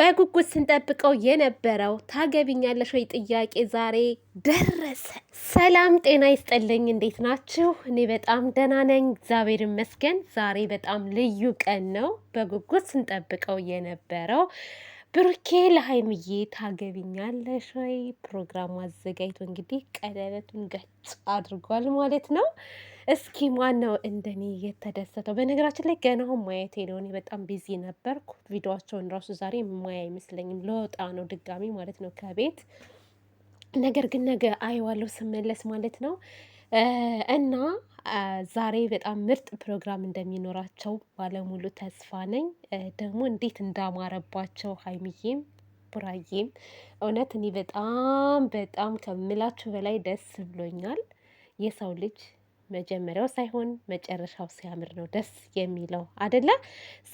በጉጉት ስንጠብቀው የነበረው ታገቢኛለሽ ወይ ጥያቄ ዛሬ ደረሰ። ሰላም ጤና ይስጠልኝ፣ እንዴት ናችሁ? እኔ በጣም ደህና ነኝ፣ እግዚአብሔር ይመስገን። ዛሬ በጣም ልዩ ቀን ነው። በጉጉት ስንጠብቀው የነበረው ብሩኬ ለሀይምዬ ታገቢኛለሽ ወይ? ፕሮግራሙ አዘጋጅቶ እንግዲህ ቀለበቱን ገጭ አድርጓል ማለት ነው። እስኪ ነው እንደኔ የተደሰተው? በነገራችን ላይ ገና ማየቴ ነው። እኔ በጣም ቢዚ ነበርኩ። ቪዲዮቸውን ራሱ ዛሬ ማያ አይመስለኝም። ለወጣ ነው ድጋሚ ማለት ነው ከቤት ነገር ግን ነገ አየዋለሁ ስመለስ ማለት ነው። እና ዛሬ በጣም ምርጥ ፕሮግራም እንደሚኖራቸው ባለሙሉ ተስፋ ነኝ። ደግሞ እንዴት እንዳማረባቸው ሀይሚዬም ቡራዬም እውነት እኔ በጣም በጣም ከምላችሁ በላይ ደስ ብሎኛል። የሰው ልጅ መጀመሪያው ሳይሆን መጨረሻው ሲያምር ነው ደስ የሚለው አደለ?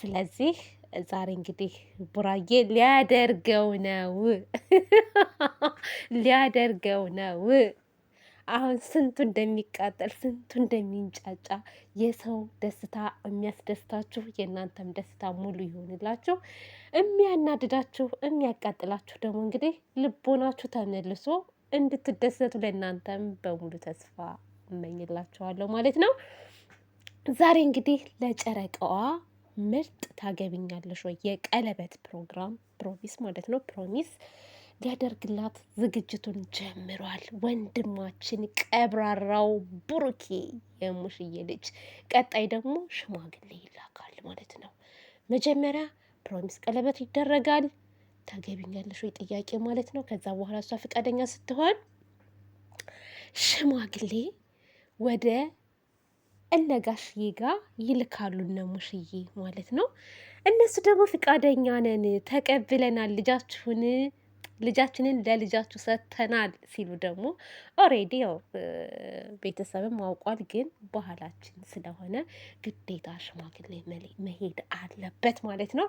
ስለዚህ ዛሬ እንግዲህ ቡራዬ ሊያደርገው ነው ሊያደርገው ነው አሁን ስንቱ እንደሚቃጠል ስንቱ እንደሚንጫጫ የሰው ደስታ የሚያስደስታችሁ የእናንተም ደስታ ሙሉ ይሆንላችሁ። የሚያናድዳችሁ የሚያቃጥላችሁ ደግሞ እንግዲህ ልቦናችሁ ተመልሶ እንድትደሰቱ ለእናንተም በሙሉ ተስፋ እመኝላችኋለሁ ማለት ነው። ዛሬ እንግዲህ ለጨረቃዋ ምርጥ ታገቢኛለሽ ወይ የቀለበት ፕሮግራም ፕሮሚስ ማለት ነው ፕሮሚስ ሊያደርግላት ዝግጅቱን ጀምሯል። ወንድማችን ቀብራራው ቡሩኬ የሙሽዬ ልጅ። ቀጣይ ደግሞ ሽማግሌ ይላካል ማለት ነው። መጀመሪያ ፕሮሚስ ቀለበት ይደረጋል። ታገቢኛለሽ ወይ ጥያቄ ማለት ነው። ከዛ በኋላ እሷ ፈቃደኛ ስትሆን ሽማግሌ ወደ እነጋሽዬ ጋር ይልካሉ እነ ሙሽዬ ማለት ነው። እነሱ ደግሞ ፍቃደኛ ነን ተቀብለናል ልጃችሁን ልጃችንን ለልጃችሁ ሰጥተናል ሲሉ ደግሞ ኦሬዲ ያው ቤተሰብም አውቋል። ግን ባህላችን ስለሆነ ግዴታ ሽማግሌ መሄድ አለበት ማለት ነው።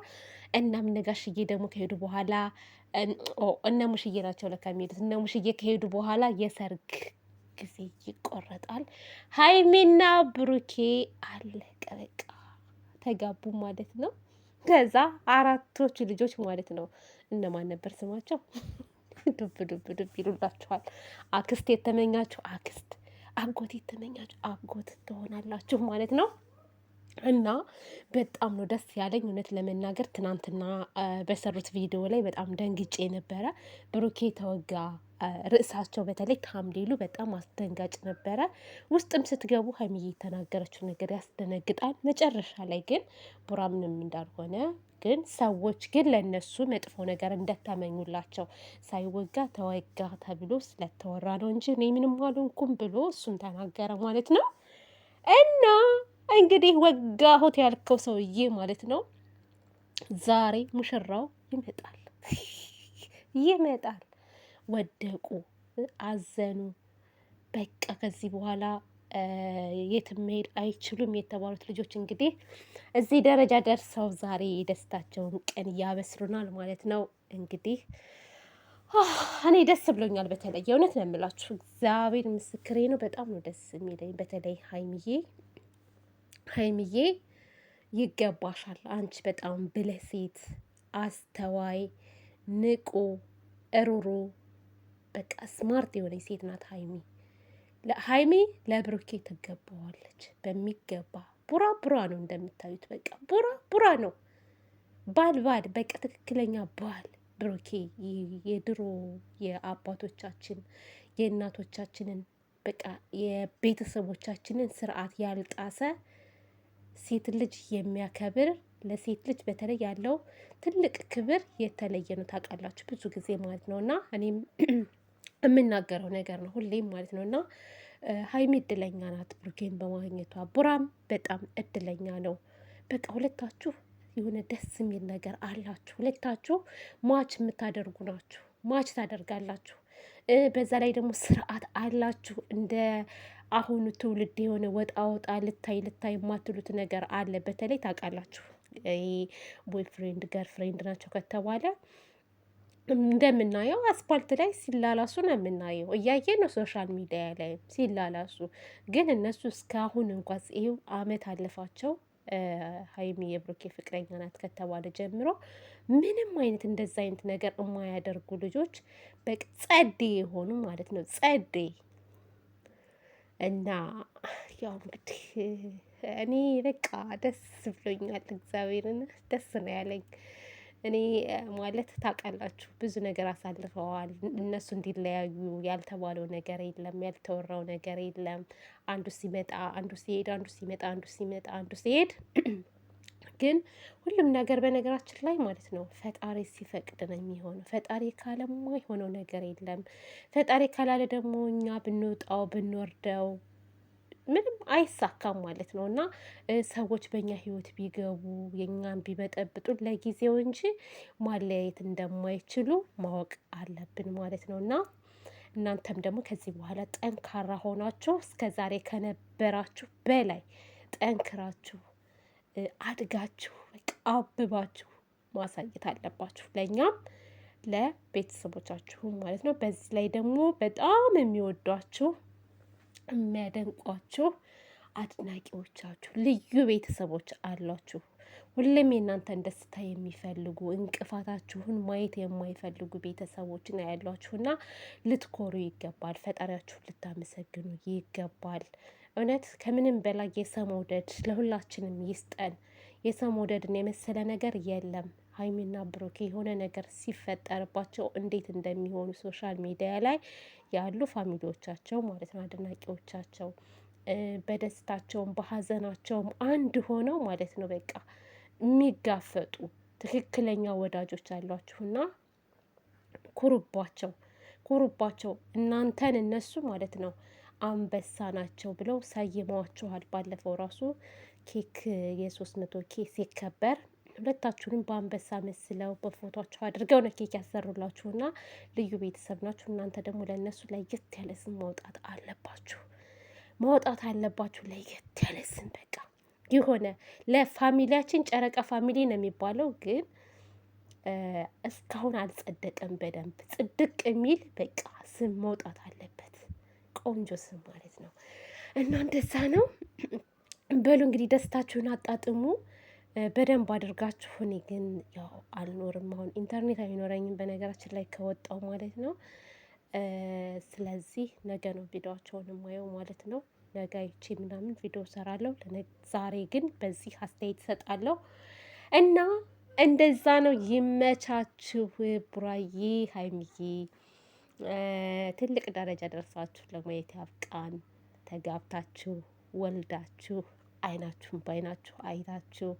እናም ነጋሽዬ ደግሞ ከሄዱ በኋላ እነ ሙሽዬ ናቸው ለካ የሚሄዱት። እነ ሙሽዬ ከሄዱ በኋላ የሰርግ ጊዜ ይቆረጣል። ሀይሚና ብሩኬ አለቀ፣ በቃ ተጋቡ ማለት ነው። ከዛ አራቶች ልጆች ማለት ነው እነማን ነበር ስማቸው? ዱብ ዱብ ዱብ ይሉላችኋል። አክስት የተመኛችሁ አክስት፣ አጎት የተመኛችሁ አጎት ትሆናላችሁ ማለት ነው። እና በጣም ነው ደስ ያለኝ እውነት ለመናገር ትናንትና በሰሩት ቪዲዮ ላይ በጣም ደንግጬ ነበረ። ብሩኬ ተወጋ ርዕሳቸው በተለይ ታምሌሉ በጣም አስደንጋጭ ነበረ። ውስጥም ስትገቡ ሀይሚዬ የተናገረችው ነገር ያስደነግጣል። መጨረሻ ላይ ግን ቡራ ምንም እንዳልሆነ ግን ሰዎች ግን ለእነሱ መጥፎ ነገር እንደተመኙላቸው ሳይወጋ ተወጋ ተብሎ ስለተወራ ነው እንጂ እኔ ምንም አልሆንኩም ብሎ እሱም ተናገረ ማለት ነው። እና እንግዲህ ወጋሁት ያልከው ሰውዬ ማለት ነው ዛሬ ሙሽራው ይመጣል ይመጣል ወደቁ፣ አዘኑ። በቃ ከዚህ በኋላ የትም መሄድ አይችሉም የተባሉት ልጆች እንግዲህ እዚህ ደረጃ ደርሰው ዛሬ የደስታቸውን ቀን እያበስሩናል ማለት ነው። እንግዲህ እኔ ደስ ብሎኛል። በተለይ የእውነት ነው የምላችሁ፣ እግዚአብሔር ምስክሬ ነው። በጣም ነው ደስ የሚለኝ። በተለይ ሀይሚዬ ሀይሚዬ ይገባሻል። አንቺ በጣም ብልህ ሴት፣ አስተዋይ፣ ንቁ፣ እሩሩ በቃ ስማርት የሆነች ሴት ናት ሀይሚ። ሀይሚ ለብሩኬ ትገባዋለች በሚገባ። ቡራ ቡራ ነው እንደምታዩት፣ በቃ ቡራ ቡራ ነው። ባል ባል፣ በቃ ትክክለኛ ባል ብሩኬ። የድሮ የአባቶቻችን የእናቶቻችንን በቃ የቤተሰቦቻችንን ስርዓት ያልጣሰ ሴት ልጅ የሚያከብር ለሴት ልጅ በተለይ ያለው ትልቅ ክብር የተለየ ነው። ታውቃላችሁ ብዙ ጊዜ ማለት ነው እና እኔም የምናገረው ነገር ነው ሁሌም ማለት ነው። እና ሀይሚ እድለኛ ናት ብሩኬን በማግኘቷ፣ ቡራም በጣም እድለኛ ነው። በቃ ሁለታችሁ የሆነ ደስ የሚል ነገር አላችሁ። ሁለታችሁ ማች የምታደርጉ ናችሁ፣ ማች ታደርጋላችሁ። በዛ ላይ ደግሞ ስርዓት አላችሁ። እንደ አሁኑ ትውልድ የሆነ ወጣ ወጣ ልታይ ልታይ የማትሉት ነገር አለ። በተለይ ታውቃላችሁ፣ ፍሬንድ ቦይፍሬንድ ገርፍሬንድ ናቸው ከተባለ እንደምናየው አስፓልት ላይ ሲላላሱ ነው የምናየው። እያየ ነው ሶሻል ሚዲያ ላይ ሲላላሱ። ግን እነሱ እስካሁን እንኳን ይኸው አመት አለፋቸው ሀይሚ የብሩኬ ፍቅረኛ ናት ከተባለ ጀምሮ ምንም አይነት እንደዛ አይነት ነገር የማያደርጉ ልጆች በቃ ጸዴ የሆኑ ማለት ነው። ጸዴ እና ያው እንግዲህ እኔ በቃ ደስ ብሎኛል። እግዚአብሔርን ደስ ነው ያለኝ። እኔ ማለት ታውቃላችሁ ብዙ ነገር አሳልፈዋል እነሱ እንዲለያዩ ያልተባለው ነገር የለም ያልተወራው ነገር የለም። አንዱ ሲመጣ አንዱ ሲሄድ አንዱ ሲመጣ አንዱ ሲመጣ አንዱ ሲሄድ ግን ሁሉም ነገር በነገራችን ላይ ማለት ነው ፈጣሪ ሲፈቅድ ነው የሚሆነው። ፈጣሪ ካለማ የሆነው ነገር የለም። ፈጣሪ ካላለ ደግሞ እኛ ብንወጣው ብንወርደው ምንም አይሳካም ማለት ነው። እና ሰዎች በእኛ ህይወት ቢገቡ የእኛን ቢበጠብጡን ለጊዜው እንጂ ማለያየት እንደማይችሉ ማወቅ አለብን ማለት ነው። እና እናንተም ደግሞ ከዚህ በኋላ ጠንካራ ሆናችሁ እስከ ዛሬ ከነበራችሁ በላይ ጠንክራችሁ አድጋችሁ አብባችሁ ማሳየት አለባችሁ ለእኛም ለቤተሰቦቻችሁም ማለት ነው። በዚህ ላይ ደግሞ በጣም የሚወዷችሁ የሚያደንቋችሁ አድናቂዎቻችሁ ልዩ ቤተሰቦች አሏችሁ። ሁሌም የእናንተን ደስታ የሚፈልጉ እንቅፋታችሁን ማየት የማይፈልጉ ቤተሰቦች ነው ያሏችሁና ልትኮሩ ይገባል። ፈጣሪያችሁን ልታመሰግኑ ይገባል። እውነት ከምንም በላይ የሰው መውደድ ለሁላችንም ይስጠን። የሰው መውደድን የመሰለ ነገር የለም። ሀይሚና ብሩኬ የሆነ ነገር ሲፈጠርባቸው እንዴት እንደሚሆኑ ሶሻል ሚዲያ ላይ ያሉ ፋሚሊዎቻቸው ማለት ነው አድናቂዎቻቸው በደስታቸውም በሀዘናቸውም አንድ ሆነው ማለት ነው በቃ የሚጋፈጡ ትክክለኛ ወዳጆች አሏችሁና ኩሩባቸው ኩሩባቸው እናንተን እነሱ ማለት ነው አንበሳ ናቸው ብለው ሰይመዋችኋል። ባለፈው ራሱ ኬክ የሶስት መቶ ኬክ ሲከበር ሁለታችሁንም በአንበሳ መስለው በፎቶቸው አድርገው ነው ኬክ ያሰሩላችሁና ልዩ ቤተሰብ ናችሁ። እናንተ ደግሞ ለእነሱ ለየት ያለ ስም ማውጣት አለባችሁ፣ ማውጣት አለባችሁ ለየት ያለ ስም በቃ የሆነ ለፋሚሊያችን ጨረቃ ፋሚሊ ነው የሚባለው፣ ግን እስካሁን አልጸደቀም በደንብ ጽድቅ የሚል በቃ ስም መውጣት አለበት፣ ቆንጆ ስም ማለት ነው። እና እንደዛ ነው። በሉ እንግዲህ ደስታችሁን አጣጥሙ። በደንብ አድርጋችሁ ሁኔ ግን ያው አልኖርም አሁን ኢንተርኔት አይኖረኝም በነገራችን ላይ ከወጣው ማለት ነው። ስለዚህ ነገ ነው ቪዲዮቸውን የማየው ማለት ነው። ነገ አይቼ ምናምን ቪዲዮ ሰራለሁ ዛሬ ግን በዚህ አስተያየት ይሰጣለሁ እና እንደዛ ነው ይመቻችሁ ቡራዬ ሀይምዬ ትልቅ ደረጃ ደርሳችሁ ለማየት ያብቃን። ተጋብታችሁ ወልዳችሁ አይናችሁን በአይናችሁ አይታችሁ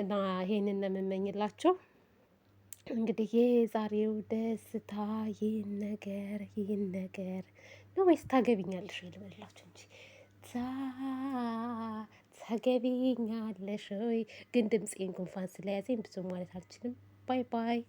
እና ይሄንን ነው የምመኝላቸው። እንግዲህ የዛሬው ደስታ ይህን ነገር ይህን ነገር ነው ወይስ ታገቢኛለሽ ወይ ልበላችሁ እንጂ ታገቢኛለሽ ወይ? ግን ድምፄን ጉንፋን ስለያዘኝ ብዙ ማለት አልችልም። ባይ ባይ